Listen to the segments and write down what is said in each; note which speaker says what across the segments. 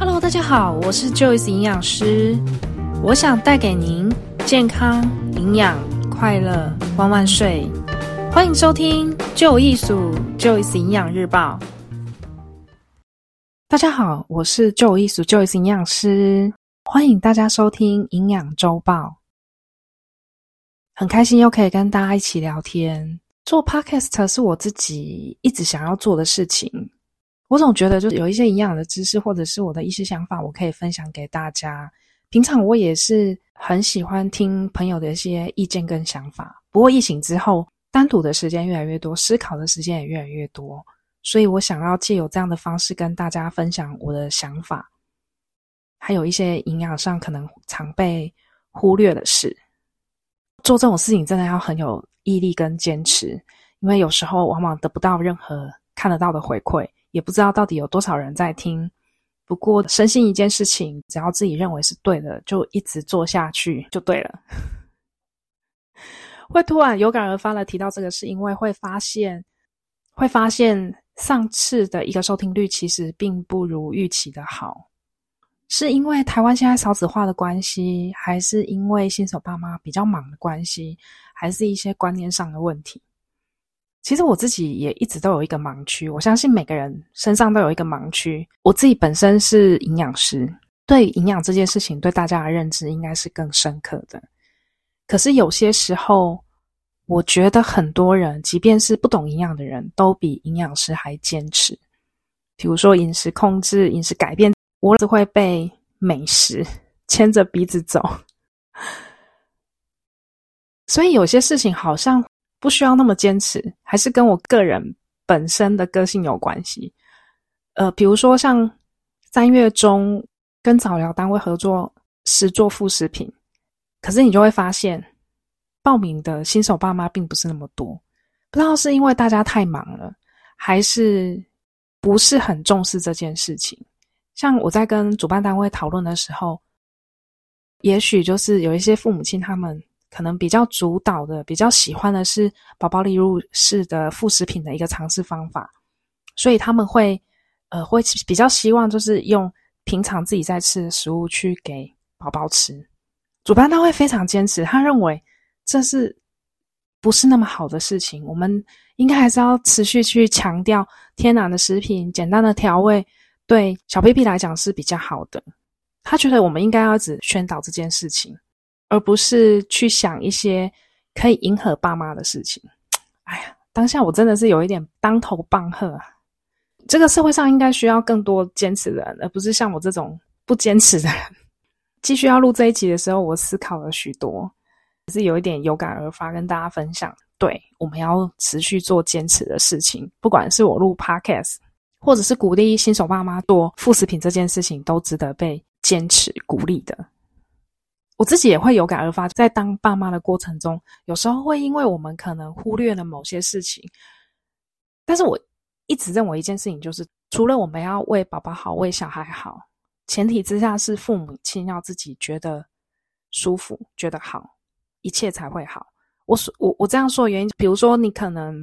Speaker 1: Hello，大家好，我是 Joyce 營養師，我想帶給您健康、營養、快樂，萬萬歲！歡迎收聽 Joyce Joyce 營養日報。大家好，我是 Joyce Joyce 營養師，歡迎大家收聽營養週報。很開心又可以跟大家一起聊天。做 Podcast 是我自己一直想要做的事情。我總覺得，就是有一些營養的知識，或者是我的一些想法，我可以分享給大家。平常我也是很喜歡聽朋友的一些意見跟想法。不過疫情之後，單獨的時間越來越多，思考的時間也越來越多，所以我想要藉由這樣的方式跟大家分享我的想法，還有一些營養上可能常被忽略的事。做這種事情真的要很有毅力跟堅持，因為有時候往往得不到任何看得到的回饋。也不知道到底有多少人在聽，不過深信一件事情，只要自己認為是對的，就一直做下去就對了。 會突然有感而發的提到這個是因為會發現，會發現上次的一個收聽率其實並不如預期的好，是因為台灣現在少子化的關係，還是因為新手爸媽比較忙的關係，還是一些觀念上的問題？其實我自己也一直都有一個盲區，我相信每個人身上都有一個盲區。我自己本身是營養師，對營養這件事情，對大家的認知應該是更深刻的。可是有些時候，我覺得很多人，即便是不懂營養的人，都比營養師還堅持。比如說飲食控制、飲食改變，我只會被美食牽着鼻子走。所以有些事情好像。不需要那麼堅持，還是跟我個人本身的個性有關係。呃，比如說像三月中跟早療單位合作，是做副食品，可是你就會發現報名的新手爸媽並不是那麼多，不知道是因為大家太忙了，還是不是很重視這件事情。像我在跟主辦單位討論的時候，也許就是有一些父母親他們。可能比較主導的、比較喜歡的是寶寶離乳式的副食品的一個嘗試方法，所以他們會呃會比較希望就是用平常自己在吃的食物去給寶寶吃。主辦他會非常堅持，他認為這是不是那麼好的事情。我們應該還是要持續去強調天然的食品、簡單的調味對小 BB 來講是比較好的。他覺得我們應該要一直宣導這件事情。而不是去想一些可以迎合爸媽的事情。哎呀，當下我真的是有一點當頭棒喝啊，這個社會上應該需要更多堅持的人，而不是像我這種不堅持的人。繼續要錄這一集的時候，我思考了許多，是有一點有感而發跟大家分享。對，我們要持續做堅持的事情，不管是我錄 Podcast，或者是鼓勵新手爸媽做副食品這件事情，都值得被堅持鼓勵的。我自己也會有感而發，在當爸媽的過程中，有時候會因為我們可能忽略了某些事情。但是我一直認為一件事情，就是除了我們要為寶寶好、為小孩好，前提之下是父母親要自己覺得舒服、覺得好，一切才會好。我我我這樣說的原因，比如說你可能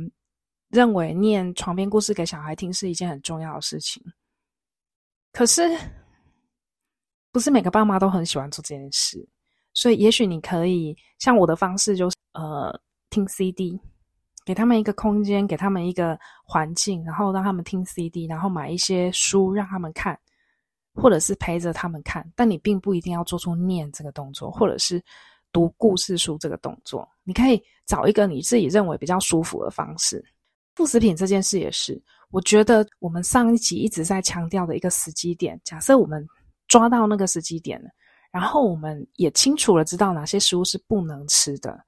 Speaker 1: 認為念床邊故事給小孩聽是一件很重要的事情，可是不是每個爸媽都很喜歡做這件事。所以，也許你可以像我的方式，就是呃，聽 CD，給他們一個空間，給他們一個環境，然後讓他們聽 CD，然後買一些書讓他們看，或者是陪着他們看。但你並不一定要做出念這個動作，或者是讀故事書這個動作。你可以找一個你自己認為比較舒服的方式。副食品這件事也是，我覺得我們上一集一直在強調的一個時機點。假設我們抓到那個時機點了。然後我們也清楚了，知道哪些食物是不能吃的。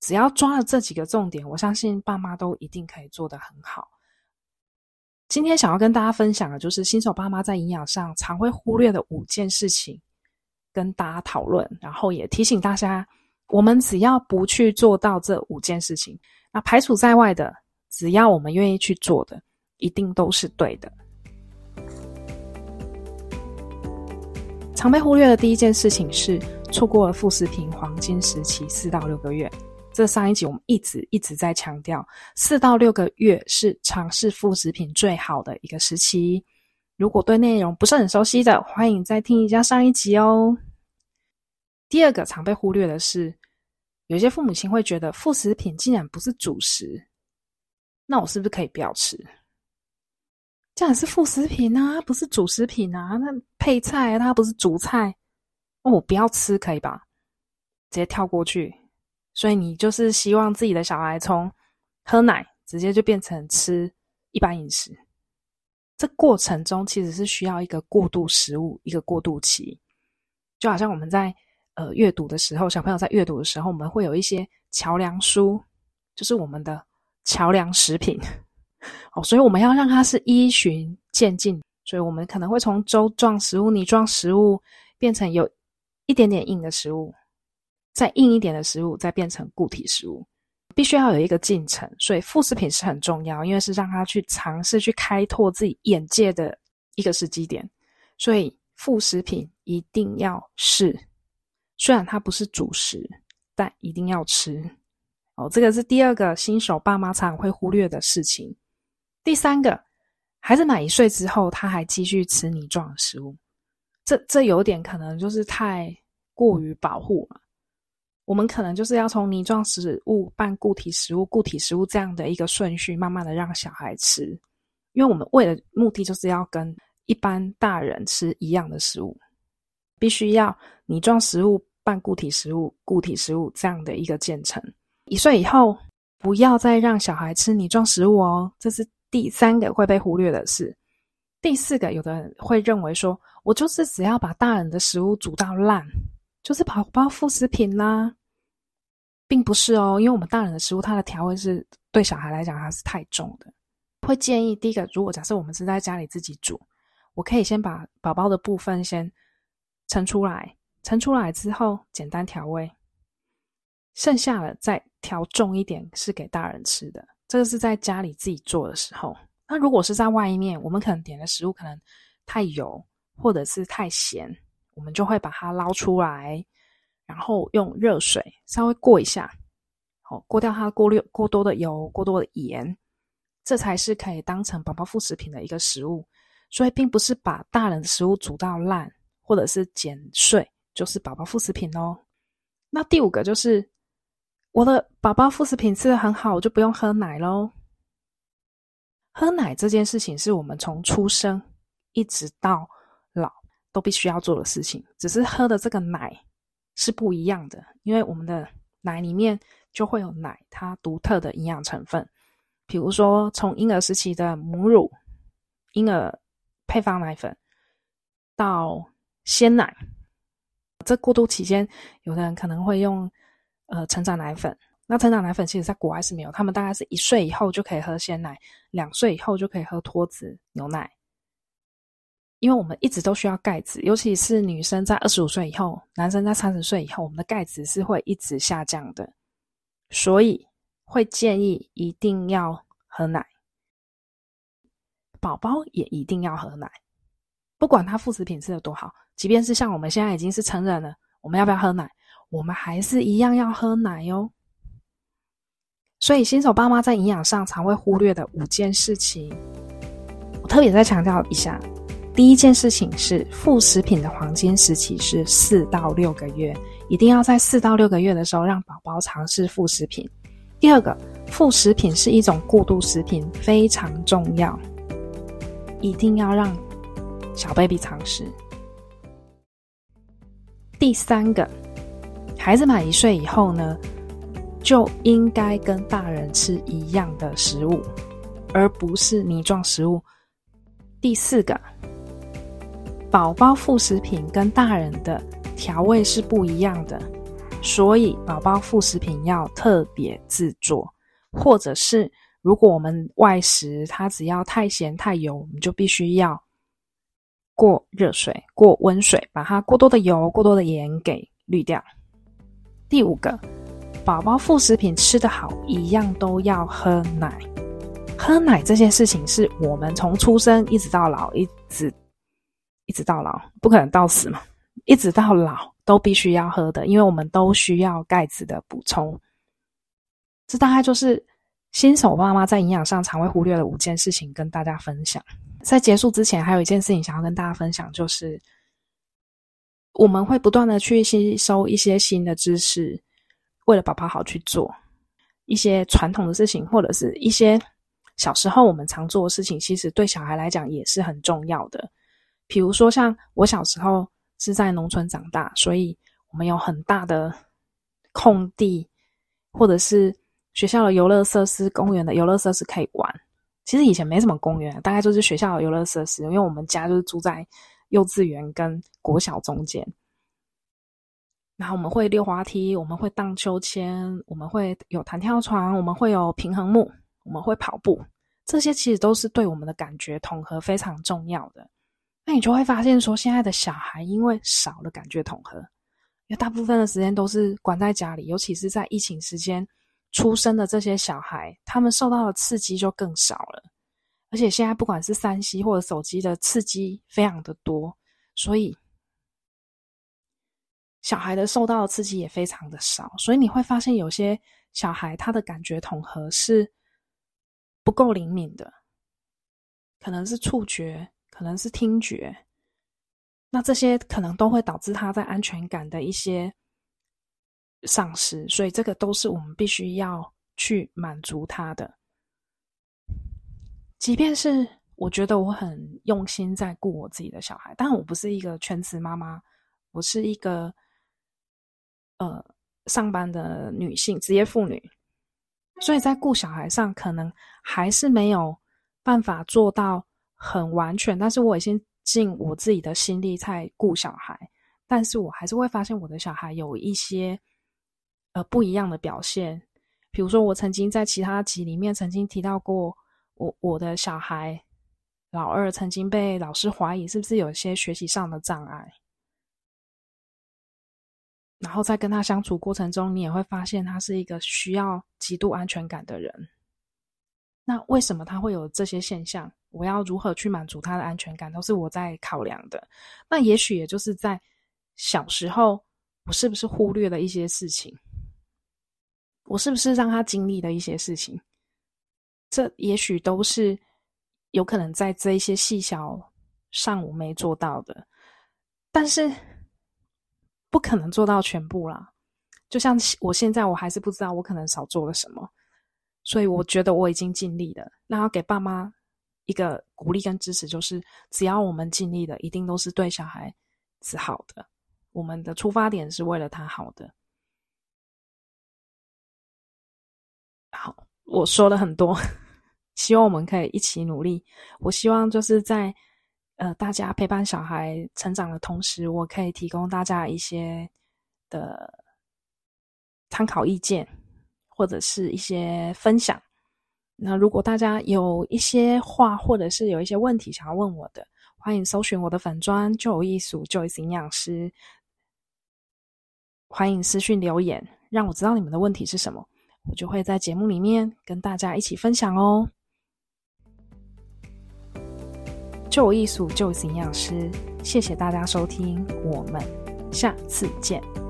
Speaker 1: 只要抓了這幾個重點，我相信爸媽都一定可以做得很好。今天想要跟大家分享的，就是新手爸媽在營養上常會忽略的五件事情，跟大家討論，然後也提醒大家，我們只要不去做到這五件事情，那排除在外的，只要我們願意去做的，一定都是對的。常被忽略的第一件事情是錯過了副食品黃金時期四到六個月。這上一集我們一直一直在強調，四到六個月是嘗試副食品最好的一個時期。如果對內容不是很熟悉的，歡迎再聽一下上一集哦。第二個常被忽略的是，有些父母親會覺得副食品既然不是主食，那我是不是可以不要吃？這樣是副食品啊，它不是主食品啊。那配菜，它不是主菜。哦，我不要吃，可以吧？直接跳過去。所以你就是希望自己的小孩從喝奶直接就變成吃一般飲食。這過程中其實是需要一個過渡食物，一個過渡期。就好像我們在呃閱讀的時候，小朋友在閱讀的時候，我們會有一些橋梁書，就是我們的橋梁食品。哦，所以我們要讓它是依循漸進，所以我們可能會從粥狀食物、泥狀食物變成有一點點硬的食物，再硬一點的食物，再變成固體食物，必須要有一個進程。所以副食品是很重要，因為是讓他去嘗試去開拓自己眼界的一個時機點。所以副食品一定要試，雖然它不是主食，但一定要吃。哦，這個是第二個新手爸媽常會忽略的事情。第三個，孩子滿一歲之後，他還繼續吃泥狀食物，這這有點可能就是太過於保護了。我們可能就是要從泥狀食物、半固體食物、固體食物這樣的一個順序，慢慢的讓小孩吃，因為我們餵的目的就是要跟一般大人吃一樣的食物，必須要泥狀食物、半固體食物、固體食物這樣的一個建成。一歲以後，不要再讓小孩吃泥狀食物哦，這是。第三個會被忽略的是，第四個有的人會認為說，我就是只要把大人的食物煮到爛，就是寶寶副食品啦，啊，並不是哦，因為我們大人的食物它的調味是對小孩來講它是太重的，會建議第一個，如果假設我們是在家裡自己煮，我可以先把寶寶的部分先盛出來，盛出來之後簡單調味，剩下的再調重一點是給大人吃的。這個是在家裡自己做的時候，那如果是在外面，我們可能點的食物可能太油或者是太鹹，我們就會把它撈出來，然後用熱水稍微過一下，好過掉它過濾過多的油、過多的鹽，這才是可以當成寶寶副食品的一個食物。所以，並不是把大人的食物煮到爛或者是剪碎就是寶寶副食品咯。哦，那第五個就是。我的寶寶副食品吃得很好，我就不用喝奶嘍。喝奶這件事情是我們從出生一直到老都必須要做的事情，只是喝的這個奶是不一樣的，因為我們的奶裡面就會有奶它獨特的營養成分，比如說從嬰兒時期的母乳、嬰兒配方奶粉到鮮奶，這過渡期間，有的人可能會用。和成長奶粉。那成長奶粉其實，在國外是沒有，他們大概是一歲以後就可以喝鮮奶，兩歲以後就可以喝脫脂牛奶。因為我們一直都需要鈣質，尤其是女生在二十五歲以後，男生在三十歲以後，我們的鈣質是會一直下降的，所以會建議一定要喝奶。寶寶也一定要喝奶，不管他副食品質有多好，即便是像我們現在已經是成人了，我們要不要喝奶？我們還是一樣要喝奶哦，所以新手爸媽在營養上常會忽略的五件事情，我特別再強調一下。第一件事情是副食品的黃金時期是四到六個月，一定要在四到六個月的時候讓寶寶嘗試副食品。第二個，副食品是一種過渡食品，非常重要，一定要讓小 baby 嘗試。第三個。孩子滿一歲以後呢，就應該跟大人吃一樣的食物，而不是泥狀食物。第四個，寶寶副食品跟大人的調味是不一樣的，所以寶寶副食品要特別製作，或者是如果我們外食，它只要太鹹太油，我們就必須要過熱水、過溫水，把它過多的油、過多的鹽給濾掉。第五個，寶寶副食品吃得好，一樣都要喝奶。喝奶這件事情是我們從出生一直到老，一直一直到老，不可能到死嘛，一直到老都必須要喝的，因為我們都需要鈣質的補充。這大概就是新手爸媽在營養上常會忽略的五件事情，跟大家分享。在結束之前，還有一件事情想要跟大家分享，就是。我們會不斷的去吸收一些新的知識，為了寶寶好去做一些傳統的事情，或者是一些小時候我們常做的事情，其實對小孩來講也是很重要的。比如說，像我小時候是在農村長大，所以我們有很大的空地，或者是學校的遊樂設施、公園的遊樂設施可以玩。其實以前沒什麼公園啊，大概就是學校的遊樂設施，因為我們家就是住在。幼稚園跟國小中間，然後我們會溜滑梯，我們會盪秋千，我們會有彈跳床，我們會有平衡木，我們會跑步，這些其實都是對我們的感覺統合非常重要的。那你就會發現說，現在的小孩因為少了感覺統合，因為大部分的時間都是關在家裡，尤其是在疫情時間出生的這些小孩，他們受到的刺激就更少了。而且現在不管是三 C 或者手機的刺激非常的多，所以小孩的受到的刺激也非常的少，所以你會發現有些小孩他的感覺統合是不夠靈敏的，可能是觸覺，可能是聽覺，那這些可能都會導致他在安全感的一些喪失，所以這個都是我們必須要去滿足他的。即便是我覺得我很用心在顧我自己的小孩，但我不是一個全職媽媽，我是一個呃上班的女性，職業婦女，所以在顧小孩上，可能還是沒有辦法做到很完全。但是我已經盡我自己的心力在顧小孩，但是我還是會發現我的小孩有一些呃不一樣的表現。比如說，我曾經在其他集裡面曾經提到過。我我的小孩老二，曾經被老師懷疑是不是有些學習上的障礙，然後在跟他相處過程中，你也會發現他是一個需要極度安全感的人。那為什麼他會有這些現象？我要如何去滿足他的安全感，都是我在考量的。那也許也就是在小時候，我是不是忽略了一些事情？我是不是讓他經歷了一些事情？這也許都是有可能在這一些細小上我沒做到的，但是不可能做到全部啦。就像我現在，我還是不知道我可能少做了什麼，所以我覺得我已經盡力了。那要給爸媽一個鼓勵跟支持，就是只要我們盡力的，一定都是對小孩是好的。我們的出發點是為了他好的。好，我說了很多。希望我們可以一起努力。我希望就是在呃，大家陪伴小孩成長的同時，我可以提供大家一些的參考意見，或者是一些分享。那如果大家有一些話，或者是有一些問題想要問我的，歡迎搜尋我的粉專就有 Joyce 就 Joyce 營養師，歡迎私訊留言，讓我知道你們的問題是什麼，我就會在節目裡面跟大家一起分享哦。就藝術，就是營養師，謝謝大家收聽，我們下次見。